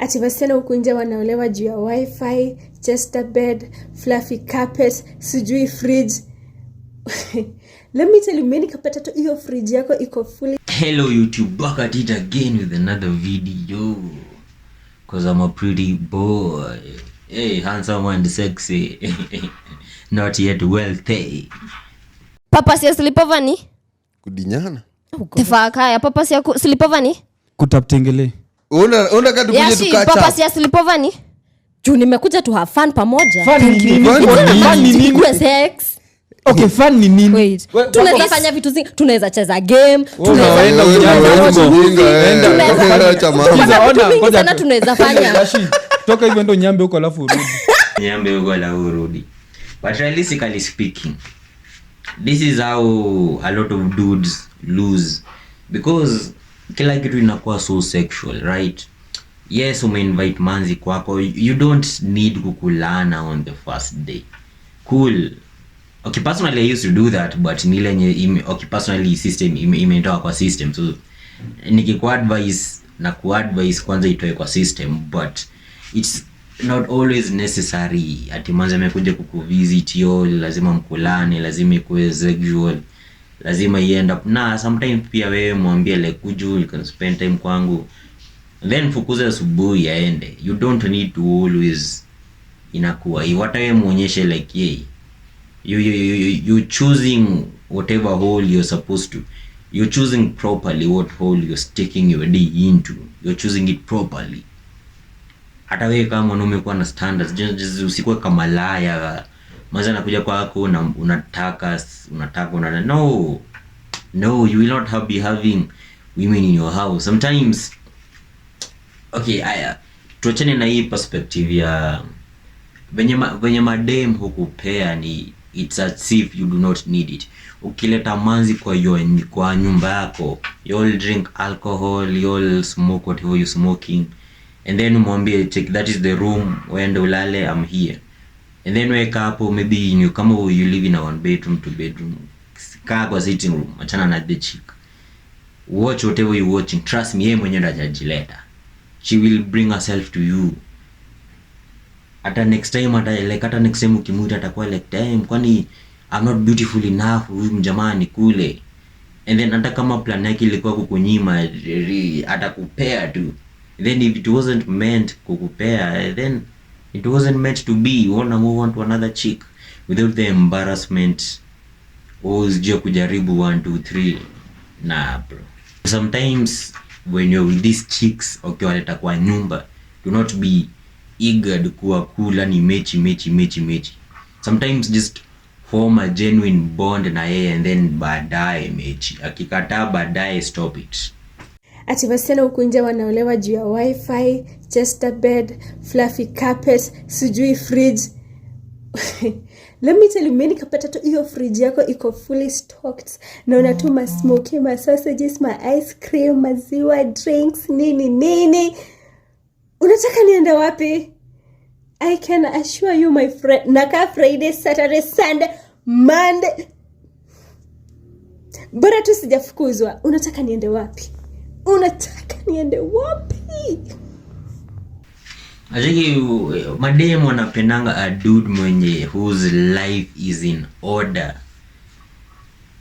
ati wasichana huku nje wanaolewa juu ya wifi, chester bed, fluffy carpet, sijui fridge Let me tell you, mimi nikapata tu hiyo fridge yako iko fully. Hello YouTube, back at it again with another video. Cause I'm a pretty boy. Hey, handsome and sexy. Not yet wealthy. Papa si slipova ni? Kudinyana. Tafaka ya papa si slipova ni? Kutaptengele unakatukujetukachapapasiaslipovani juu nimekuja tu hafan fun pamoja vitu zingi tunaweza cheza game tunaweza hivyo ndo nyambe huko alafu huko alafu urudi speaking this is how a lot of dudes lose because kila kitu inakuwa so sexual right yes umeinvite manzi kwako you don't need kukulana on the first day cool okay personally i used to do that but nilenye okay personally system imenitoa kwa system so nikikuwa advice na advice kwanza itoe kwa system but it's not always necessary ati manzi amekuja kukuvisit yo lazima mkulane lazima ikuwe sexual lazima iende na sometimes pia wewe mwambie like kuju you can spend time kwangu then fukuza asubuhi aende you don't need to always inakuwa hiyo hata wewe muonyeshe like yeye you, you, you, you, you choosing whatever hole you're supposed to you're choosing properly what hole you're sticking your d into you're choosing it properly hata wewe kama mwanaume kuwa na standards usikuwe kama malaya maza anakuja kwako na unataka unataka una, no no you will not have, be having women in your house sometimes. Okay, haya tuachane na hii perspective ya venye venye madem hukupea ni it's as if you do not need it. Ukileta manzi kwa yon, kwa nyumba yako you'll drink alcohol, you'll smoke whatever you smoking and then umwambie check that is the room, wende ulale, I'm here and then weka hapo maybe you, come over you live in a one bedroom two bedroom, kaa kwa sitting room, achana na the chick, watch whatever you watching. Trust me, yeye mwenyewe ndo atajileta, she will bring herself to you. Hata next time ata like hata next time ukimuita atakuwa like time, kwani I'm not beautiful enough, huyu mjamani kule. And then hata kama plan yake ilikuwa kukunyima, eh, atakupea tu. Then if it wasn't meant kukupea eh, then It wasn't meant to be. Wanna move on to another chick without the embarrassment. Usijue kujaribu one two three. Nah bro. Sometimes when you're with these chicks ukiwaleta okay, kwa nyumba, do not be eager kuwa kula ni mechi mechi mechi mechi. Sometimes just form a genuine bond na yeye and then baadaye mechi. Akikataa baadaye stop it ati wasichana huku nje wanaolewa juu ya wifi, chester bed, fluffy carpet, sijui fridge Let me tell you, mimi nikapata tu hiyo fridge yako iko fully stocked na ma smoky, ma sausages, ma ice cream, maziwa, drinks, nini nini. Unataka niende wapi? I can assure you my friend, naka Friday, Saturday, Sunday, Monday. Bora tu sijafukuzwa. Unataka niende wapi? unataka niende wapi? Ajiki eh, mademu wanapendanga a dude mwenye whose life is in order.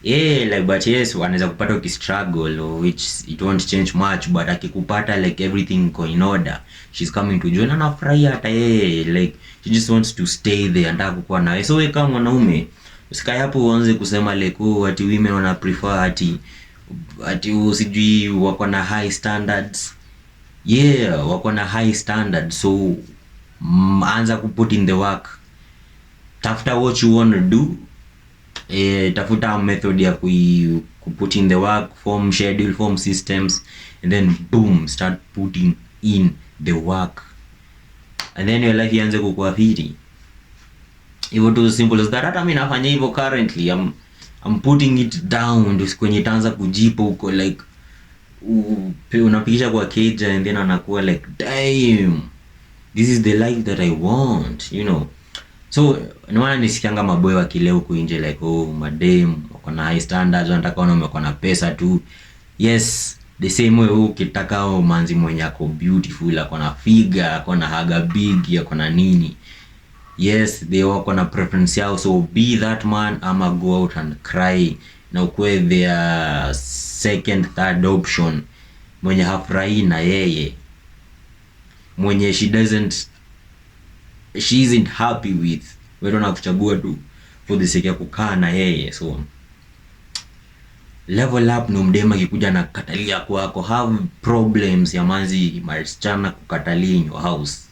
Yeah, like but yes, wanaweza kupata uki struggle which it won't change much but akikupata like everything ko in order. She's coming to join and afurahia hata yeye like she just wants to stay there and kukuwa nawe. So wewe kama mwanaume usikae hapo uanze kusema like oh, ati women wana prefer ati ati sijui wako na high standards yeah, wako na high standards so mm, anza kuput in the work, tafuta what you wanna do eh, tafuta method ya kui, kuput in the work, form schedule, form systems and then boom start putting in the work and then your life ianze kukuathiri. Hivyo tu simple as that. Hata mimi nafanya hivyo currently I'm, I'm putting it down ndio kwenye itaanza kujipa huko like unapigisha kwa keja and then anakuwa like damn this is the life that I want you know so ni maana nisikianga maboy wakilea huku nje like oh madem wako na high standards wanataka wana wako na pesa tu yes the same way ukitaka manzi mwenye ako beautiful ako na figa ako na haga big ako na nini yes they wako na preference yao, so be that man ama go out and cry na ukuwe their second third option, mwenye hafurahi na yeye mwenye she doesn't she isn't happy with wewe, na kuchagua tu for the sake ya kukaa na yeye so level up ni mdema kikuja na kukatalia kwako, have problems ya manzi masichana kukatalia in your house